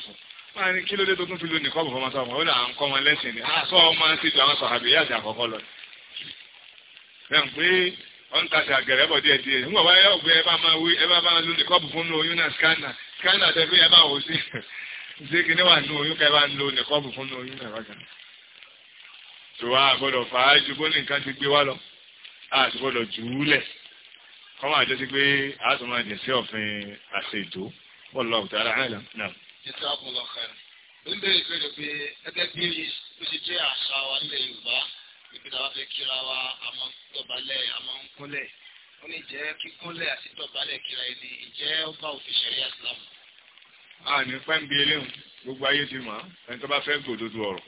fún máa ní kí ló dé tó tún fi lu nìkan bọ̀ fọmọ sọmọ ó là ń kọ́ wọn lẹ́sìn ni aṣọ ọmọ ń ṣètò àwọn sọ̀hábì yá àti àkọ́kọ́ lọ. bẹ́ẹ̀ pé wọ́n ń tasẹ̀ àgẹ̀rẹ́ bọ̀ díẹ̀ díẹ̀ ń bàbá yóò gbé ẹ bá máa wí ẹ bá máa lu nìkan bọ̀ fún oyún náà scanna scanna tẹ fi ẹ bá wò sí ṣé kí ni wà nù oyún kẹ bá ń lo nìkan bọ̀ fún oyún náà wájà. tó wá àgbọ̀dọ̀ fà á ju bóni nǹkan ti gbé wá lọ àtúgbọ̀dọ̀ jù ú lẹ̀ kọ́mọ àjọṣe pé àtúmọ̀ àjẹsí ọ̀fin ìta ọ̀pọ̀lọpọ̀ ló ń bèrè ìbéèrè pé ẹgbẹ́ bí ó ti jẹ́ àṣà wa nílẹ̀ Yorùbá níbi táwa fẹ́ kíra wa àmọ́ dọ̀bálẹ̀ àmọ́ ń kúnlẹ̀ ó ní jẹ́ kíkúnlẹ̀ àti dọ̀bálẹ̀ kíra ẹni ìjẹ́ ó bá òfin ṣẹ̀ríà Islam. a ní pẹ́ńbí eléhùn gbogbo ayé ti mọ̀ ẹni tó bá fẹ́ gbòdodo ọ̀rọ̀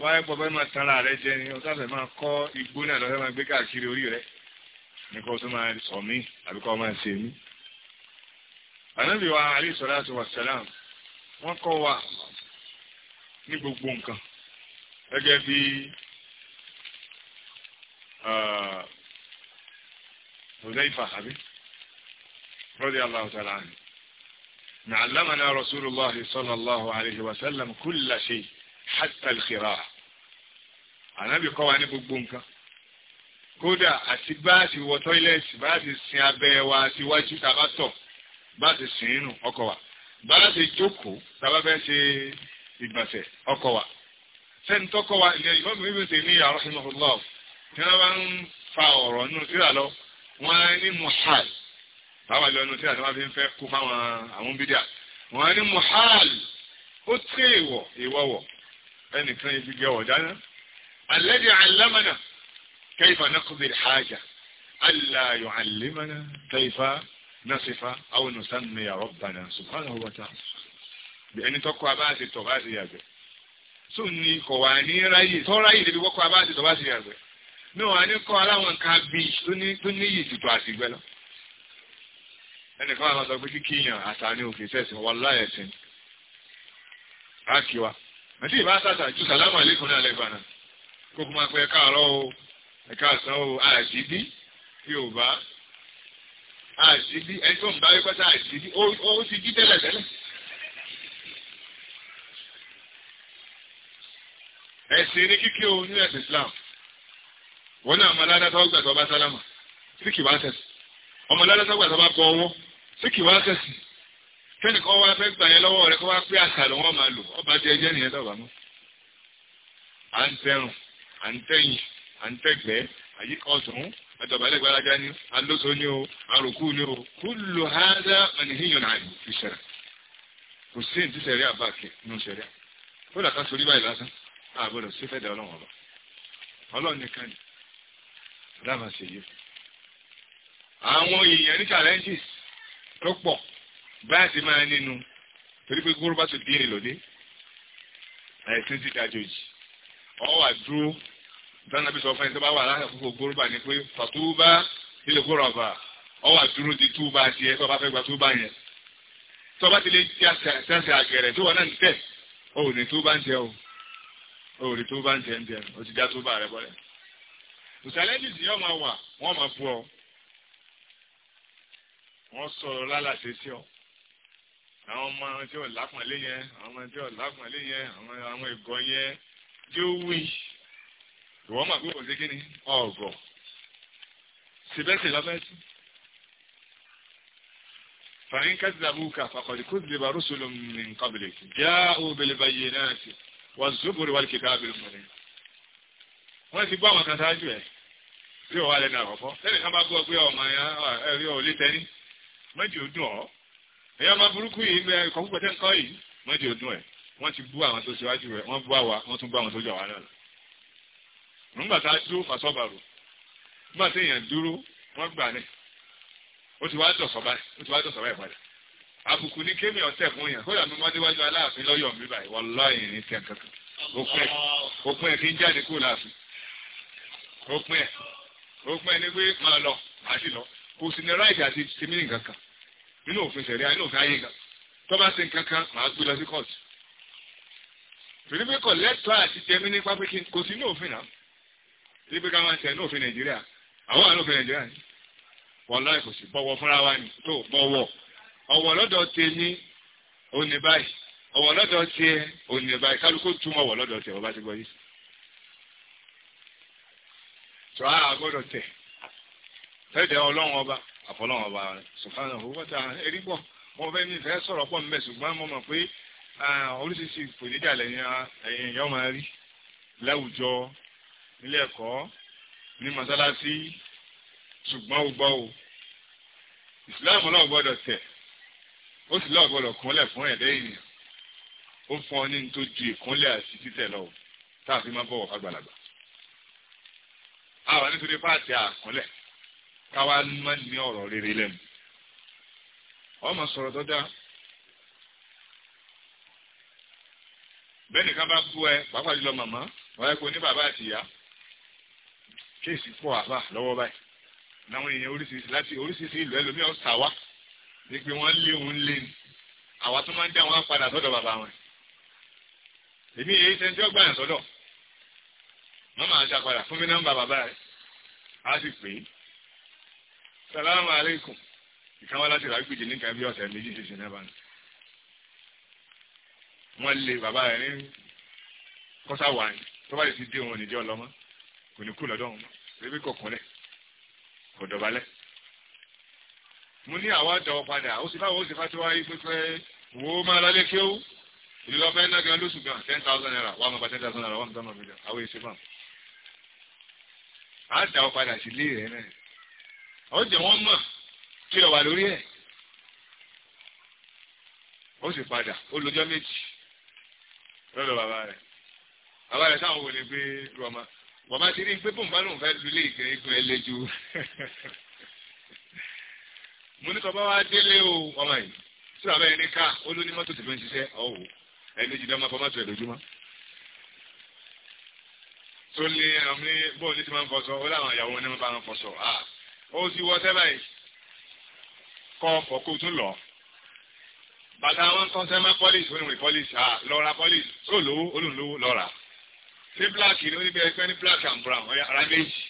wọ́n á gbọ́ bẹ́ẹ̀ máa tanra rẹ jẹ ni ọ̀sán fẹ́ máa kọ́ igbó náà lọ́sẹ̀ máa gbé káàkiri orí rẹ nìkan tó máa sọ mí àbíkọ́ máa ṣe mí. ànábì wọ́n kọ́ wa ní gbogbo nǹkan gẹ́gẹ́ bí ah, Hudayfa àbí radiyallahu ta'ala anhu. علمنا رسول الله صلى الله عليه وسلم كل شيء حتى الخراع Ànábì kọ́ wa ní gbogbo nǹkan kódà àti bá a ti wọ tọ́ílẹ̀tì bá a sin abẹ́ wa síwájú tá a bá sin inú ọkọ̀ wa bára ṣe jókòó tàbá fẹ́ ṣe ìgbọ̀nsẹ̀ ọkọ̀ wa sẹ́ni tọ́kọ̀ wa ilẹ̀ ìmọ̀ mi bèèrè ní rahimahullah tí wọ́n bá ń fa ọ̀rọ̀ nínú tíra lọ wọ́n á ní muhal báwa lọ nínú tíra tí wọ́n fi ń fẹ́ kó fáwọn àwọn bídíà wọ́n á ní muhal ó tẹ́ ìwọ̀ ìwọ̀wọ̀ ẹnìkan ibi gẹ̀wọ̀ dáná alladhi allamana kayfa naqdi alhaja alla yu'allimana kayfa nasifa aw nusanni ya rabbana subhanahu wa ta'ala bí ẹni tọkọ abáàsì tọ bá sì yàgbẹ́ tó ní kọ wà ní ráyè tọ ráyè débi wọkọ abáàsì tọ bá sì yàgbẹ́ ní wà ní kọ aláwọn nǹkan bíi tó ní tó ní yìí tutù àtìgbẹ lọ ẹnìkan àwọn sọ pé kíkí yàn àtà ní òkè sẹsìn wọlá ẹsìn rákìwá àti ìbá sàtà ju sàlámù àlékún ní alẹ́ ìbànà kókó máa pẹ́ káàárọ̀ o ẹ̀ka àsán o àìsí bí yóò bá àṣìbí ẹni tó ń bá wípé tá àṣìbí ó ti jí tẹ́lẹ̀ tẹ́lẹ̀. ẹ̀sìn ní kíkí o ní ẹ̀sìn Islam wọn náà ọmọládá tó gbà tó bá sálámà sí kìí wá sẹ̀sì ọmọládá tó gbà tó bá bọ ọwọ́ sí kìí wá sẹ̀sì fẹ́ni kọ́ wá fẹ́ gbà yẹn lọ́wọ́ rẹ̀ kọ́ wá pé àṣà lọ́wọ́ máa lò ọba tí ẹjẹ́ nìyẹn dọ̀bà mọ́. à ń tẹrùn à ń tẹ̀yìn à ń tẹ̀gbẹ́ àyíká ọ̀tún àtọ̀bálẹ̀ gbáradá ní alóso ní o àròkú ní o kúlù hádá àníhìyàn àìní fi ṣẹ̀rẹ̀ kò sí ní sẹ̀rí àbáàkì nínú sẹ̀rí ó làkà sórí báyìí lásán àbọ̀dọ̀ sí fẹ́ da ọlọ́run ọba ọlọ́run nìkan ni dáàmà ṣe yé àwọn èèyàn ní challenges tó pọ̀ báyà ti máa nínú torí pé gbóró bá ti dín èlò dé àìsí ti dájọ́ yìí ọ wà dúró ìtàn nàbí sọ fún ẹni tó bá wà láàrín àkókò gbórúbà ni pé fàtúbà ilé gbóròbà ọwà dúró di túbà tiẹ̀ tó bá fẹ́ gba túbà yẹn tó bá ti lè jáse tó wà náà ń tẹ̀ ó ò ní túbà ń tẹ̀ o ò ní túbà ń tẹ̀ ń tẹ̀ o ti já túbà rẹ bọ́lẹ̀ ìsàlẹ́jìsì yóò máa wà wọ́n máa bú ọ wọ́n sọ lálàṣẹ sí ọ àwọn ọmọ tí ò lápọ̀nlé yẹn àwọn ọmọ tí ò lápọ̀nlé yẹn àwọn àwọn yẹn yóò wí ìwọ́n mà pé kò sí kíni ọ̀gọ̀ síbẹ̀sì lọ́mẹ́sì fàyín kàdìdàbùkà fàkọ̀dì kó dìbà rúṣùlù min qablik ja'u bil bayyinati waz-zuburi wal kitabil munir. wọ́n ti bọ́ àwọn kan sáájú ẹ̀ tí ò lẹ́nu àkọ́kọ́ lẹ́nu kan bá gbọ́ pé ọmọ ẹ̀rí ò lé tẹ́ni mẹ́jì ó dùn ọ́ ẹ̀yọ́ ọmọ burúkú yìí ìkọ̀kúkọ̀ tẹ́ ń kọ́ yìí mẹ́jì ó dùn ẹ̀ wọ́n ti bú àwọn tó nígbà tá a dúró fàṣọ́bàrò nígbà tí èèyàn dúró wọ́n gbà ní ó ti wá dọ̀sọ̀ báyìí ó ti wá dọ̀sọ̀ báyìí padà àbùkù ní kémi ọ̀sẹ̀ fún yàn kódà mi mọ́déwájú aláàfin lọ́yọ̀ mi báyìí wàláhì ní tiẹ̀ kankan òpin ẹ̀ kí n jáde kúrò láàfin òpin ẹ̀ òpin ẹ̀ ní pé máa lọ àti lọ kò sì ní ráìtì àti tèmi nìkan kan nínú òfin ṣẹ̀ríà nínú òfin ayé kan tó bá ṣe nǹkan kan màá gbé lọ sí kóòtù tòlífẹ́kọ̀ lẹ́tọ̀ọ́ àti tèmi nípa pé kò sí ní òfin náà sí pé ká máa ṣẹ̀ lófin nàìjíríà àwọn àlófin nàìjíríà ni wọ́n láì kò sí bọ́wọ́ fúnra wa ni tó bọ́wọ́ ọ̀wọ̀ lọ́dọ̀ tèmi òní báyìí ọ̀wọ̀ lọ́dọ̀ tiẹ̀ òní báyìí kálukú túmọ̀ ọ̀wọ̀ lọ́dọ̀ tẹ̀ ọba ti gbọ́ yìí. sọ àá gbọ́dọ̀ tẹ̀ fẹ́ẹ̀dẹ̀ ọlọ́run ọba àfọlọ́run ọba sùfànà owó bàtà erí gbọ́ mo fẹ́ mi fẹ́ sọ̀rọ̀ pọ̀ mbẹ́ ṣùgbọ́n mo mọ̀ pé oríṣiríṣi ìpèníjà lẹ́yìn ẹ̀yìn ọmọ rí láwùjọ nílé ẹ̀kọ́ ní mọ́sálásí ṣùgbọ́n ó gbọ́ o ìsìláàmù náà gbọ́dọ̀ tẹ̀ ó sì lọ́ọ̀ gbọ́dọ̀ kúnlẹ̀ fún ẹ̀dẹ́ ènìyàn ó fún ọ ní ní tó ju ìkúnlẹ̀ àti títẹ̀ lọ tá a fi máa bọ̀wọ̀ fàgbàlagbà àwọn nítorí páàtì àkúnlẹ̀ káwa máa ní ọ̀rọ̀ rere lẹ́nu ọmọ sọ̀rọ̀ tó dáa bẹ́ẹ̀ nìkan bá bú ẹ pàápàá jùlọ màmá wáyé kó ní bàbá àti ìyá kéèsì fún àbá lọ́wọ́ báyìí láwọn èèyàn oríṣiríṣi láti oríṣiríṣi ìlú ẹlòmíì ọ̀sà wa ní pé wọ́n lé òun lé ni àwa tó máa ń dé àwọn apàdà sọ́dọ̀ bàbá wọn. èmi èyí ṣe ń tí ó gbàyàn sọ́dọ̀ wọ́n máa ṣàpàdà fún mi nọ́mbà bàbá rẹ̀ á sì pè é. salamu aleykum ìkan wá láti ràgbìdì ní kàbí ọ̀sẹ̀ méjì ṣiṣẹ́ náà bá ń. wọ́n lé bàbá rẹ̀ ní kọ́sáwá ni tó bá lè ti dé òun ò ní jẹ́ ọlọ́mọ́ kò ní kú lọ́dọ̀ wọn ebi kò kúnlẹ̀ kò dọ̀bálẹ̀ mo ní àwa dọ̀ padà ó sì fáwọn ó sì fáwọn wáyé pípẹ́ wo máa lọ kí ó ìlú lọ fẹ́ ná gan lóṣù gan ten thousand naira wà mọ̀ bá ten thousand naira wà mọ̀ bá mọ̀ bíjà àwọn èsì bàm á dà ọ padà sí ilé rẹ náà ó jẹ wọn mọ̀ kí lọ wà lórí ẹ̀ ó sì padà ó lọ́jọ́ méjì lọ́dọ̀ bàbá rẹ̀ bàbá rẹ̀ sáwọn wò ni pé rọmọ bàbá ti rí pé bóun bá lóun fẹ́ lulẹ̀ ìgbẹ́ ìgbẹ́ lẹ́jọ́ mo ní tọ́ba wa délé o ọmọ yìí tí bàbá yẹn ní ká ó ló ní mọ́tò tó fi ń ṣiṣẹ́ ọ̀hún ẹ̀ẹ́dẹ́jì dá máa fọ́ mọ́tò ẹ̀ lójúmọ́ tó ní àmì bóun ní ti máa ń fọṣọ ó láwọn ìyàwó ní wọn bá ń fọṣọ à ó ti wọ sẹ́ báyìí kọ́ ọ̀pọ̀ kó lọ bàtà wọn kọ́ sẹ́mọ́ pọ́lìsì ó ní wọn pọ́lìsì lọ́ra pọ́lìsì ṣé black ni oníbi ẹgbẹ́ ní black and brown ara méjì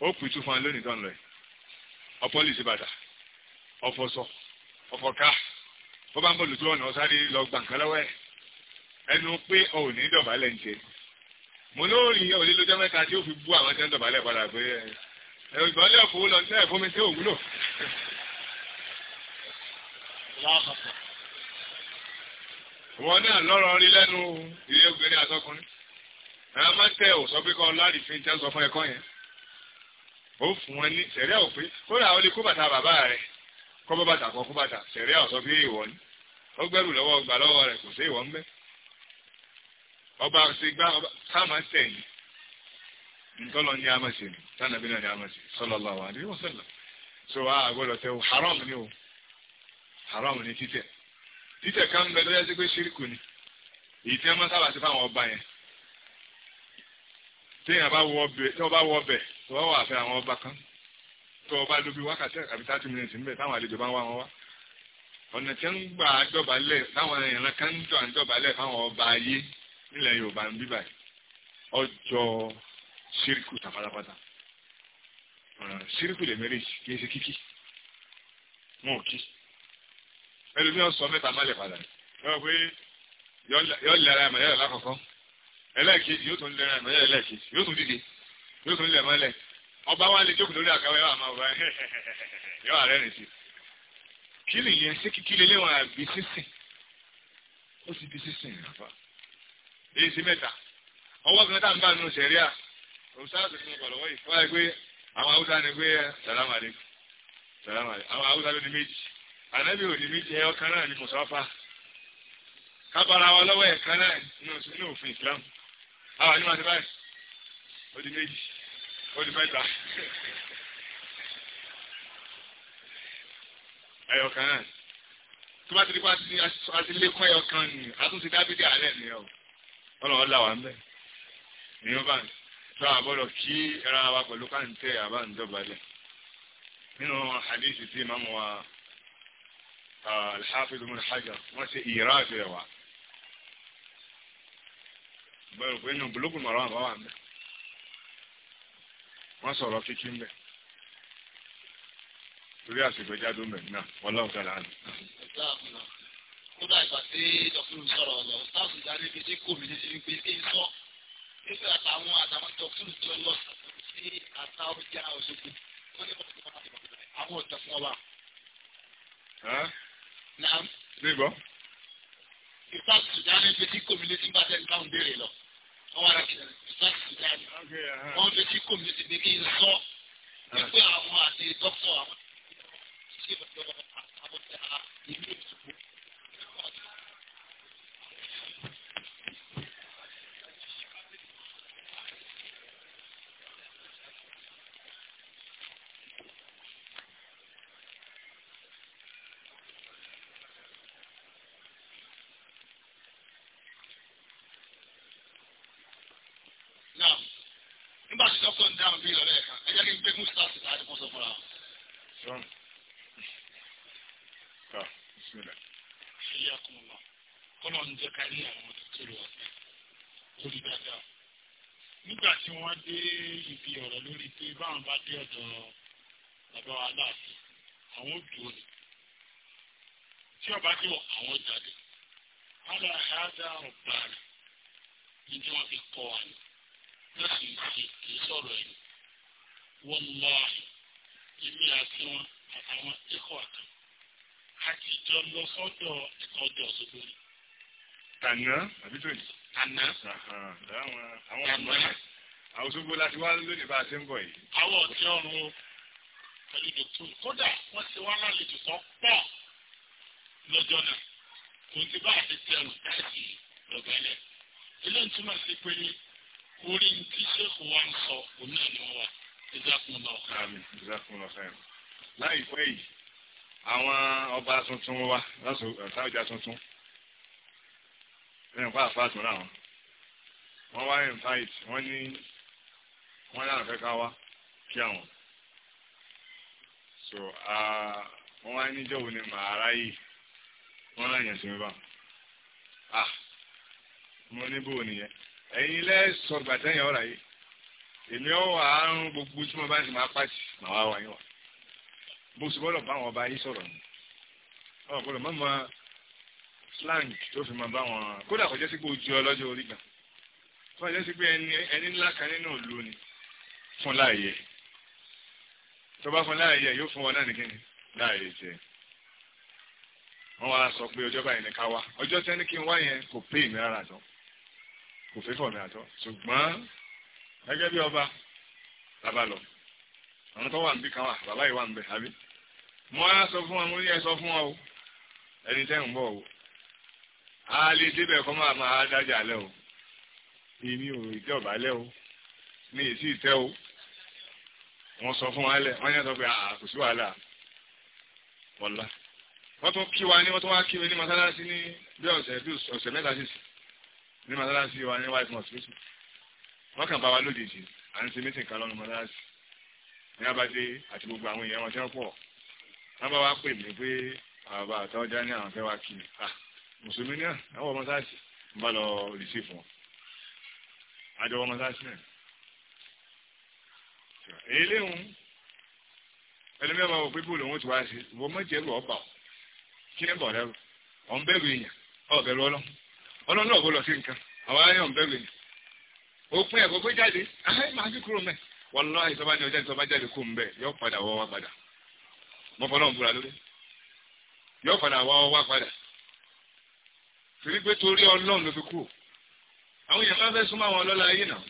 ó pè tún fún wa lónìí tán lọ yìí ọ̀pọ̀ lè ṣe bàtà ọ̀fọ̀ sọ ọ̀fọ̀ ká bó bá ń bọ̀ lójú ọ̀nà ọ̀sáré lọ gbàǹkan lọ́wọ́ ẹ̀ ẹnu pé ò ní dọ̀bálẹ̀ ń ṣe mo lóòrìn òlé lójọ́ mẹ́ta tí ó fi bú àwọn tẹ́ ń dọ̀bálẹ̀ padà pé ẹ̀rọ ìgbọ́lẹ̀ ọ̀fọ̀ lọ sí ẹ̀fọ́ mi tí ò wúlò. wọn a lọ́rọ̀ rí lẹ́nu ilé obìnrin àtọkùnrin àwọn máa tẹ òsọ pé kọ́ fi sọ fún ẹ̀kọ́ yẹn ó fún wọn ní sẹ̀ríà òfin kódà ó lè kó bàtà bàbá rẹ̀ kọ́ bọ́ bàtà kọ́ kó bàtà pé ìwọ ni ó gbẹ́rù lọ́wọ́ gbà lọ́wọ́ rẹ̀ kò sí ìwọ ń a a ṣe so haram ni haram ni títẹ̀ kan ń bẹ lóyún ẹsẹ̀ pé ṣíríkù ni èyí tí wọ́n máa sábà sí fáwọn ọba yẹn téèyàn bá wọ ọbẹ̀ tí wọ́n bá wọ ọbẹ̀ tó wọ́n wà fẹ́ àwọn ọba kan tó ọba lóbi wákàtí àbí thirty minutes ńbẹ táwọn àlejò bá ń wá wọn wá ọ̀nà tí ń gbà dọ̀bálẹ̀ táwọn èèyàn kan ń dọ̀ àdọ̀bálẹ̀ fáwọn ọba ayé nílẹ̀ Yorùbá ń bíbà ọjọ́ ṣíríkù tàfàlàfàtà ṣíríkù lè mẹ́rẹ̀ẹ́sì kí ẹlòmí ọ̀sọ̀ mẹ́ta má lè padà yọ pé yọ lẹ́ra ẹ̀mọ̀ yẹ́rẹ̀ lákọ̀ọ́kọ́ ẹlẹ́ẹ̀kejì yóò tún lẹ́ra ẹ̀mọ̀ yẹ́rẹ̀ lẹ́ẹ̀kejì yóò tún dìde yóò tún lẹ̀ mọ́lẹ̀ ọba wa lè jókòó lórí àkàwé wa máa wọ yọ ààrẹ rẹ̀ sí. kí nìyẹn ṣé kíkí lé léwọn àbí sísìn ó sì bí sísìn nàfà èyí sí mẹ́ta ọwọ́ kan tá à ń bá nù sẹ̀ríà òṣàlùsọ̀ ni mo bọ̀ lọ́wọ́ yìí wọ́n á gbé àwọn haúsá ni gbé sàlámàlẹ́ sàlámàlẹ́ àwọn haúsá ló ní méjì ànábì òdì mi jẹ ọ̀kan náà ní mùsọ́fà kábàárà wa lọ́wọ́ ẹ̀kan náà nínú òfin Islam àwọn àníwá ti báyìí òdì méjì òdì mẹ́ta ẹ̀yọ̀kan náà tó bá ti di pa àti lékún ẹ̀yọ̀kan ni àtúntì dábìdì àárẹ̀ ni ọ̀ ọlọ́run là wà ń bẹ̀ èèyàn bá ń sọ àbọ̀dọ̀ kí ẹran wa pẹ̀lú káńtẹ́ àbá ń dọ̀bálẹ̀ nínú àdéhìí tí màmú wa. الحافظ من Ibn Hajar wọ́n ṣe ìyẹ̀rá àti ẹ̀wà bẹ́ẹ̀ بلوك inú bulugul maram àbáwà ń bẹ̀ wọ́n sọ̀rọ̀ kíkí ń bẹ̀ torí àsìkò jáde ń bẹ̀ náà wọ́n lọ́wọ́ tẹ̀lé àná. kódà ìgbà tí dọ́kítà sọ̀rọ̀ ọ̀lọ́ sáàsì ìdarí ibi tí kò mí ní ibi tí ń sọ nígbà àtàwọn àtàwọn dọ́kítà tó lọ sí àtàwọn ọjà Òṣogbo wọ́n ní wọ́n ti wọ́n àwọn ọ̀tọ̀ fún ọba naam. ṣé ìbọn. ìfà sùdánì fi tí community bá tẹ̀ ká ń béèrè lọ. wọ́n wá láti ìfà sùdánì. wọ́n fi tí community bí kí n sọ wípé àwọn àti dókítà àwọn ìṣèjọba àwọn ìlú ìṣòwò. down nígbà tí dọ́kítọ̀ ń dáhùn bí ìrọ̀lẹ́ ẹ̀ka ẹ jẹ́ kí n gbé mustaf sí láti fọ́sọ̀ fúnra wọn. ṣíyá kùn lọ kọ́nà ń jẹ́ ká ní àwọn kékeré ọ̀sẹ̀ lórí dáadáa. nígbà tí wọ́n dé ibi ọ̀rọ̀ lórí pé báwọn bá dé ọ̀dọ̀ bàbá wa láàfin àwọn dùn ní tí ọba tí wọ àwọn jáde. hádà hádà ọ̀bàrà ni tí wọ́n fi kọ́ wa ni tó sì ń ṣe kì í sọ̀rọ̀ ẹ̀yìn wọ́n lọ èmi àti wọn àtàwọn ẹ̀kọ́ àkàn àti jọ lọ sọ́dọ̀ ẹ̀kọ́ ọjọ́ ọ̀ṣọ́gbó ni. tànà àbí tó yìí. tànà. àwọn àwọn àwọn Òṣogbo láti wá lónìí bá a ṣe ń bọ̀ yìí. àwọn ọ̀tí ọ̀run o pẹ̀lú dòkítù kódà wọ́n ti wá lálejò tó pọ̀ lọ́jọ́ náà kò ní bá a ṣe ti ẹrù lọ́gbẹ́lẹ̀. eléyìí túmọ̀ sí pé orí tí sèkù wa ń sọ òun náà ni wọ́n wà ìzákun lọ. àmín ìzákun lọ fẹ́ràn. láìpẹ́ yìí àwọn ọba tuntun wa lọ́sùn ọ̀sáàjà tuntun ẹ̀yìn fáà fáà tún láwọn wọ́n wá invite wọ́n ní wọ́n lára fẹ́ ká wá kí àwọn so wọ́n wá níjọ́ wo ni màá ráyè wọ́n láyàn sí mi bá ah mo ní bò nìyẹn ẹ̀yin lẹ́sọ̀ gbàtẹ́yìn ọ̀rọ̀ yìí èmi ọ̀ wà á ń gbogbo tí mo bá ti máa pàṣẹ màá wá wáyé wà mo sì gbọ́dọ̀ bá àwọn ọba yìí sọ̀rọ̀ ni ọ̀ gbọ́dọ̀ má ma slang tó fi máa bá wọn kódà kọjá sí pé ojú ọlọ́jọ́ orí gan kọjá sí pé ẹni ńlá kan nínú ìlú ni fún láàyè tó bá fún láàyè yóò fún wọn náà nìkan ni láàyè jẹ wọn wá sọ pé ọjọ́ báyìí ni ká wá ọjọ́ tẹ́ni kí n wá yẹn kò pé ìmíràn àtọ́ kò fẹ́ fọ̀ mi àtọ́ ṣùgbọ́n gẹ́gẹ́ bí ọba bàbá lọ àwọn tó wà níbí kan wà bàbá yìí wà níbẹ̀ àbí mo á sọ fún wa mo ní ẹ sọ fún wa o ẹni tẹ́ ń bọ̀ o a lè débẹ̀ kọ́ máa máa dájà lẹ́ o èmi ò ìjọba lẹ́ o mi ì sì tẹ́ o wọ́n sọ fún wa lẹ̀ wọ́n yẹn sọ pé àà kò sí wàhálà wọ́lá wọ́n tún kí wa ní wọ́n tún wá kí mi ní mọ́sálásí ní bí ọ̀sẹ̀ bí ọ̀sẹ̀ mẹ́ta sísè ní mọ́sálásí wa ní wife hospital wọ́n kàn bá wa lójijì à ń ṣe mítìn kan lọ́nu mọ́sálásí ní abájé àti gbogbo àwọn èèyàn wọn tí wọ́n pọ̀ wọ́n bá wa pè mí pé àbá àtọ́já ní àwọn fẹ́ wá kí mi à ah, mùsùlùmí náà àwọn ọmọ sáàsì ń bá lọ rìsí fún wọn àjọ ọmọ sáàsì náà èyí léhùn ẹlẹ́mìí ọmọ òpin bóòlù òun ti wá sí ìwọ mọ́jẹ́rù ọ̀bà kí ẹ bọ̀ rẹ ọ̀ ń bẹ̀rù èèyàn ọ̀ bẹ̀rù ọlọ́run ọlọ́lọ́ òbó lọ sí nǹkan àwọn ayọ̀ ń bẹ̀rù yìí ó pín ẹ̀kọ́ pé jáde ahẹ́ máa fi kúrò mẹ́ wọ́lọ́ ìsọba ní ọjà ìsọba jáde kó ń bẹ̀ yọ padà wọ́ wá padà mọ́ fọlọ́ ń búra lórí yọ padà wọ́ wá padà torí pé torí ọlọ́run ló fi kú àwọn èèyàn máa fẹ́ súnmọ́ àwọn ọlọ́lá ayé náà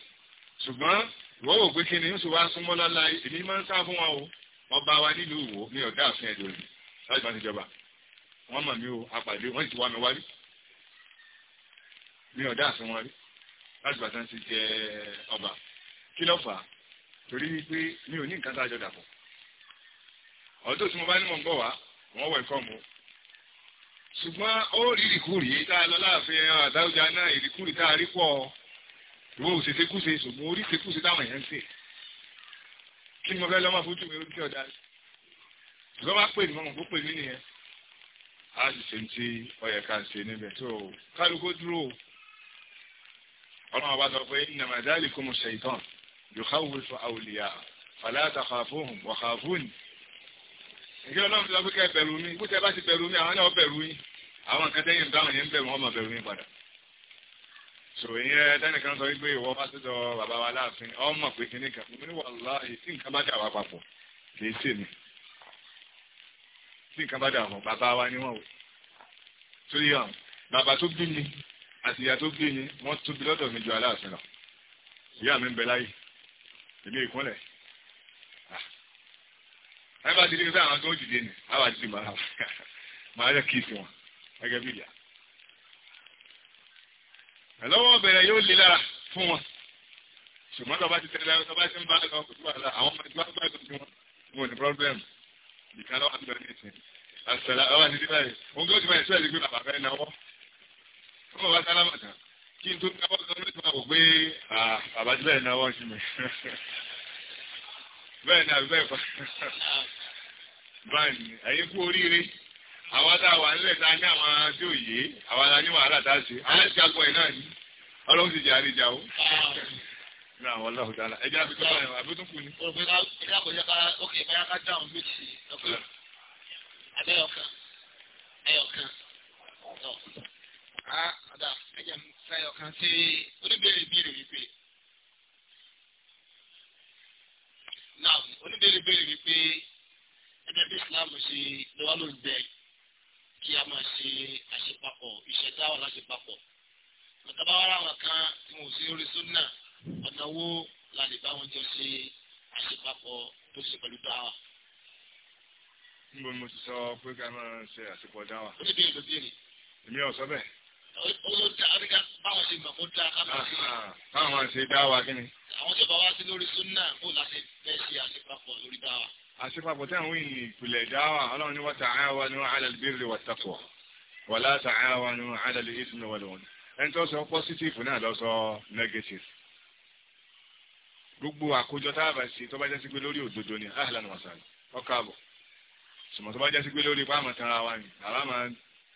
ṣùgbọ́n ìwọ́ wò pé kí ni ń sọ wá súnmọ́ lọ́lá èmi máa ń sá fún wa o ọba wa nílùú Ìwó ní ọ̀dà àfihàn ìdòrè láti máa ti jọba wọ́n mọ̀ mí o apàdé wọ́n ti wá mi wálé ní ọ̀dá àsùnwọ̀n rí láti bàtà ti jẹ ọba kí ló fà á torí wípé mi ò ní nǹkan tá a jọ dàpọ̀ ọ̀dọ́ tí mo bá ní mọ̀ ń bọ̀ wá wọ́n wẹ̀ kọ́ mu ṣùgbọ́n ó rí ìrìkúrì yìí tá a lọ láàfin àdáwùjá náà ìrìkúrì tá a rí pọ̀ ìwọ ò ṣèṣe kúṣe ṣùgbọ́n orí ṣe kúṣe táwọn èèyàn ń ṣe kí ni mo fẹ́ lọ́mọ fojú mi lókè ọ̀dà ṣùgbọ́n má pè ní mọ́mọ́ kó pè mí nìyẹn a sì ṣe ti ọyẹ ká ṣe níbẹ̀ tó kálukó dúró o ọlọ́run bá sọ pé innama dhalikum shaytan yukhawwifu awliya fala takhafuhum wa khafuni. ìgbé ọlọ́run sọ pé kẹ́ bẹ̀rù mi bó tẹ́ bá ti bẹ̀rù mi àwọn náà bẹ̀rù yín àwọn nǹkan tẹ́yìn báwọn yẹn ń bẹ̀rù wọn máa bẹ̀rù yín padà. sọ ìyẹn tẹ́nìkan sọ wípé ìwọ bá bàbá wa láàfin ọmọ pé kìnnì kan mo mi tí nǹkan àti ìyá tó bí yín wọ́n tóbi lọ́dọ̀ mi ju aláàfin lọ ìyá mi ń bẹ láyé èmi ìkúnlẹ̀ ah. ẹ bá ti rí pé àwọn tó ń dìde nì àwọn àti màá màá rẹ kí ìsìn wọn gẹ́gẹ́ bí ìyá ẹlọ́wọ́ bẹ̀rẹ̀ yóò lé lára fún wọn ṣùgbọ́n tó bá ti tẹ̀lé tó bá ti ń bá lọ kò tó wà lára àwọn ọmọ ìgbà tó bá ti wọn wọn ní pọ́blẹ́mù ìkàlọ́ àti ìgbà ní ìsìn àṣẹlá ọwọ́ ọmọ wa sálámà tán kí n tó ń kábọ̀ kan lóṣù máa wò pé bàbá tí bẹ́ẹ̀ náà wọ́n sí mi bẹ́ẹ̀ ni àbí bẹ́ẹ̀ fa báyìí ẹ̀yin kú oríire àwa tá a wà nílẹ̀ tá a ní àwọn tí ò yé àwa la ní wàhálà tá a ṣe àwọn ti àgbọ̀ ẹ̀ náà ni ọlọ́run ti jàre jà ó ní àwọn ọlọ́run dáná ẹ̀jẹ̀ àbí tó báyìí àbí tó kù ni. òrùka ẹ̀ka kò yẹ ká ókè báyà ká dáhùn méjì ọkùnrin àbẹ́yọ̀kan ẹ̀yọ̀kan ẹ̀jẹ̀ mi fẹ́yọ̀ kan sí oníbèrè ìbéèrè wípé náà oníbèrè ìbéèrè wípé ẹgbẹ́ bí Islam ṣe lọ́wọ́ ló ń bẹ kí a máa ṣe àṣepapọ̀ iṣẹ́ táwọn láṣepapọ̀ àtàbáwárà wọn kan tí wọn ò sí orí súnà ọ̀nà wo la lè bá wọn jọ ṣe àṣepapọ̀ tó ṣe pẹ̀lú dáwà. níbo mo ti sọ pé ká máa ṣe àṣepọ̀ dáwà. oníbèrè ló béèrè. èmi ò sọ bẹ́ẹ̀ àríkà báwọn ṣe mọ̀ fún dáa kámọ́ sí. báwọn ṣe dá wa kí ni. àwọn tí bàbá sí lórí súnà kó láti fẹ́ ṣe àṣepapọ̀ lórí dá wa. àṣepapọ̀ tí àwọn èèyàn ìpìlẹ̀ dá wa ọlọ́run ní wa ta'awanu 'ala al-birri wat-taqwa wa la ta'awanu 'ala al-ithmi wal-'udwan ẹni tó sọ positive náà lọ sọ negative gbogbo àkójọ tá a bá ṣe tó bá jẹ́ sí pé lórí òdodo ni ahlan wa sahlan ọkọ̀ àbọ̀ sùmọ̀ tó bá jẹ́ sí pé lórí pàmò tanra wa ni àbá máa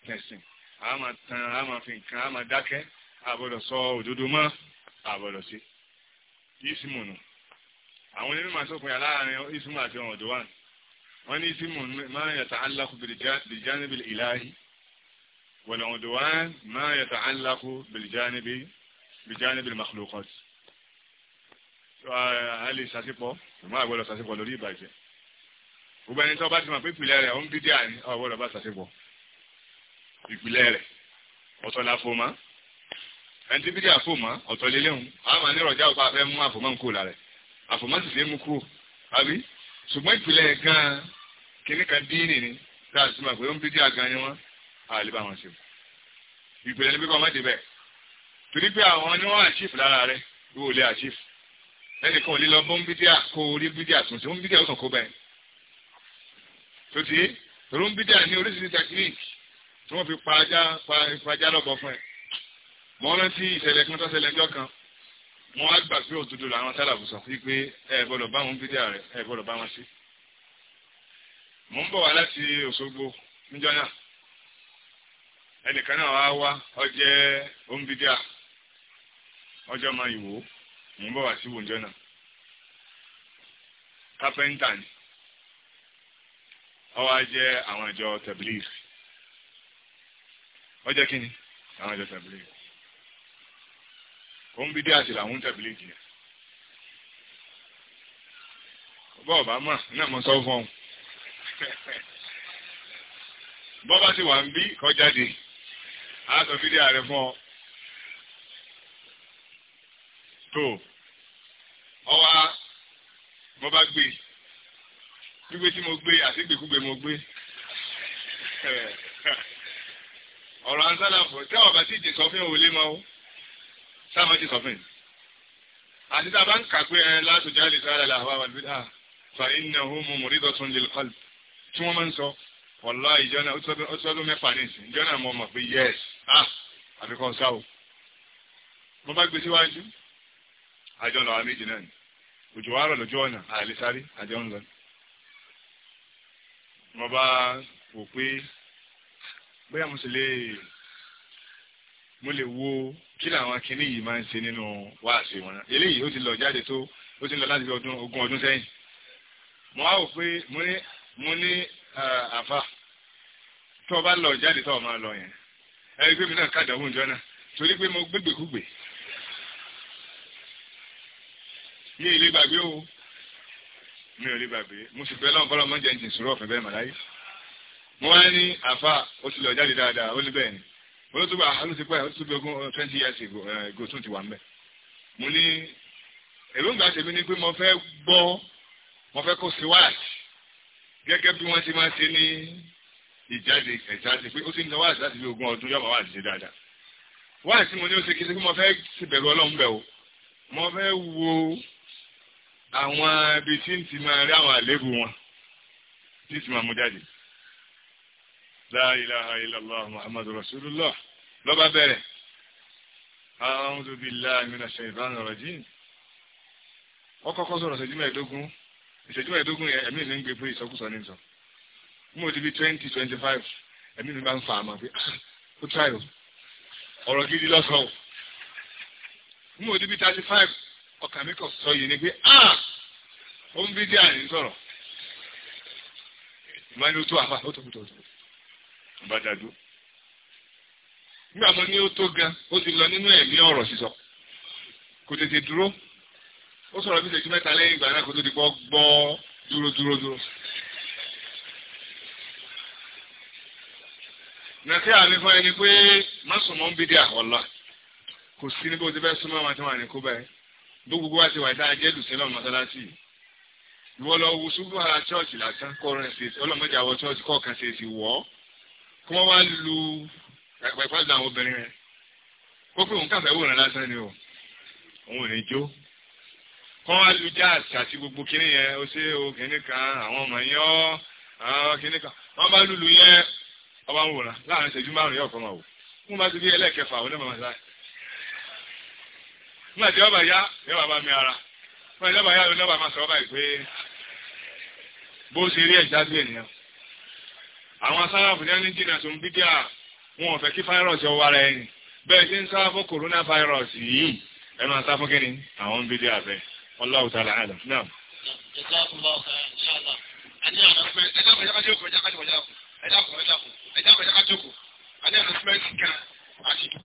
tẹ̀sìn a máa tan a máa fi nǹkan a máa dákẹ́ a gbọ́dọ̀ sọ òdodo mọ́ a gbọ́dọ̀ sí ìsìmù nù àwọn onímọ̀ máa sọ̀kùn yà láàrin ìsìmù àti ọ̀hún ọ̀dọ́ wà wọ́n ní ìsìmù máa yàtà aláku bìlìjánibì ìláhi wọ̀lẹ̀ ọ̀dọ́ wà máa yàtà aláku bìlìjánibì bìlìjánibì makhlukot a lè sàṣepọ̀ ìmọ̀ àgbọ̀dọ̀ sàṣepọ̀ lórí ìbàjẹ́ gbogbo ẹni tó bá ti mọ̀ pé ìpìlẹ̀ rẹ̀ ó ń bídíà ní ọ̀gbọ̀dọ̀ bá sàṣepọ̀ ìpìlẹ̀ rẹ̀ ọ̀tọ̀ la fò mọ́ ẹni tí bídíà fò mọ́ ọ̀tọ̀ lélẹ̀ òun àwọn àmà nírọ̀jà òkú afẹ́ mú àfòmọ́ nkú la rẹ̀ àfòmọ́ sì fi mú kú àbí ṣùgbọ́n ìpìlẹ̀ gan-an kìnnì kan díìnì ni tá a sì máa pè ó ń bídíà gan ni wọ́n àlè bá wọn ṣe ìpìlẹ̀ ni pé kọ́ mọ́tì bẹ́ẹ̀ torí pé àwọn ni wọ́n àṣìf lára rẹ̀ wọ́n ò àṣìf ẹnìkan ò lè lọ bó ń bídíà kó orí bídíà tún ṣe ó ń bídíà ó bẹ́ẹ̀ tó ti rún bídíà ní oríṣiríṣi technique tí wọ́n fi pa ajá pa ìfajá lọ́bọ̀ fún ẹ̀ mọ́ rántí ìṣẹ̀lẹ̀ kan tó ṣẹlẹ̀ ẹjọ́ kan wọ́n á gbà pé òdodo làwọn sálàbù sọ fún pé ẹ gbọ́dọ̀ bá wọn bídíà rẹ ẹ gbọ́dọ̀ bá wọn sí. mò ń bọ̀ wá láti Òṣogbo níjọ́ náà ẹnìkan náà wá wá ọjẹ́ òǹbídíà ọjọ́ máa yìí wò ó mò ń bọ̀ wá sí wòǹjọ́ náà kápẹ́ńtà ni ọwọ́ ajẹ́ àwọn àjọ tẹ̀blíìsì ọjọ́ kí ni àwọn ọjọ́ tẹ̀bílíìgì òun bí dé àti làwọn ń tẹ̀bílíìgì yẹn bọ́ọ̀bá mà náà mo sọ fún ọ bọ́ọ̀bá ti wà ń bí kọjáde á sọ fídíà rẹ fún ọ tó ọwá mo bá gbé gbígbé tí mo gbé àti gbèkúgbè mo gbé. ọ̀rọ̀ ansálàfọ̀ tí àwọn bàtí ìjì sọfún òun lé máa ó sáwọn ti sọfún yìí àti tá a bá ń kà pé ẹ láti jáde sára làwọn àwọn àlùbídà fa iná hó mu mùrídọ̀ tún lè kọlù tí wọ́n máa ń sọ wọ́lá ìjọ náà ó sọ́dún mẹ́fà nìsín ìjọ náà mo mọ̀ pé yẹ́s ah àfikún sáwò mo bá gbé síwájú àjọ lọ́wọ́ méjì náà ni òjò wàá rọ̀ lójú ọ̀nà àlẹ́ sáré àjọ ń lọ mo bá wò pé bóyá mo sì lè mo lè wo kí làwọn kinní yìí máa ń ṣe nínú wáàsí wọn náà eléyìí ó ti lọ jáde tó ó ti lọ láti fi ọdún ogún ọdún sẹ́yìn mo á wò pé mo ní mo ní àfà tó o bá lọ jáde tó o máa lọ yẹn ẹ rí i pé mi náà kàdà òun jọ náà torí pé mo gbégbèkúgbè mi ò lè gbàgbé o mi ò lè gbàgbé mo sì bẹ lọ́wọ́ bọ́lá ọmọ jẹ́ ń jìn sùúrù ọ̀fẹ́ bẹ́ẹ̀ màláyé mo wá ní àfa ó ti lọ jáde dáadáa ó ní bẹ́ẹ̀ ni mo tó bá àlù ti pẹ́ ó tó ogún uh, twenty years ago uh, ago tún ti wà mbẹ́ mo ní èròǹgbà tèmi ni pé mo fẹ́ gbọ́ mo fẹ́ kó sí wáàsì gẹ́gẹ́ bí wọ́n ti máa ṣe ní ìjáde ẹ̀jáde pé ó ti ń lọ wáàsì láti fi ogún ọdún yọ̀ọ́ wáàsì ṣe dáadáa wáàsì mo ní ó ṣe kí ṣe pé mo fẹ́ ti bẹ̀rù ọlọ́run bẹ̀ o mo fẹ́ wo àwọn ibi tí ń ti máa rí àwọn àléébù wọn tí ń ti máa mú jáde la ilaha illallah muhammadu rasulullah ló bá bẹ̀rẹ̀ a'udhu billahi minash shaitanir rajim ó kọ́kọ́ sọ̀rọ̀ ìṣẹ́jú mẹ́ẹ̀ẹ́dógún ìṣẹ́jú mẹ́ẹ̀ẹ́dógún yẹn ẹ̀mí mi ń gbé pé ìsọkúsọ ní sọ mo ti bí twenty twenty five ẹ̀mí mi bá ń fa àmà pé ah, ó tráì o ọ̀rọ̀ gidi lọ́sọ̀ o mo ti bá dájú nígbà tó ní ó tó gan ó ti lọ nínú ẹ̀mí ọ̀rọ̀ sísọ kò tètè dúró ó sọ̀rọ̀ bí ìṣẹ́jú mẹ́ta lẹ́yìn ìgbà náà kó tó di gbọ́ gbọ́ dúró dúró dúró. nàkí àmì fún ẹni pé má sùnmọ́ ń bí dí àwọ̀lá kò sí níbi ó ti fẹ́ súnmọ́ àwọn tí wọ́n á ní kó bẹ́ẹ̀ bó gbogbo wa ti wà tá jẹ́ lùsẹ́ lọ́mọ mọ́sálásì ìwọ lọ wo ṣubú ara chọ́ọ̀chì lásán kọ́ ọ̀rẹ́ kó wọ́n wá lu eh, pẹ̀pẹ́pẹ́ àwọn obìnrin rẹ̀ kó pé òun kàfẹ́ wòran lásán ni o òun ò ní jó kó wọ́n wá lu jáàsì àti gbogbo kínní yẹn ó ṣe o kínní kan àwọn ọmọ yẹn ọ́ àwọn kínní kan wọ́n bá lùlù yẹn ọba ń wòran láàrin ìṣẹ́jú márùn yóò kọ́ máa wò fún bá ti bí ẹlẹ́ẹ̀kẹfà òun náà máa sáà nígbà tí ọba yá yọba bá mi ara nígbà tí ọba yá àwọn sáráàfù ní ẹni jìnnà tó ń bí díà wọn ò kí fáírọ̀sì ọwọ́ ara ẹni bẹ́ẹ̀ sí ń sá fún kòrónà fáírọ̀sì yìí ẹ máa fún kíni àwọn ń bí díà bẹ́ẹ̀ Wallahu ta'ala a'lam náà. ẹ̀dá kọ̀ọ̀dá kọ̀ọ̀dá kọ̀ọ̀dá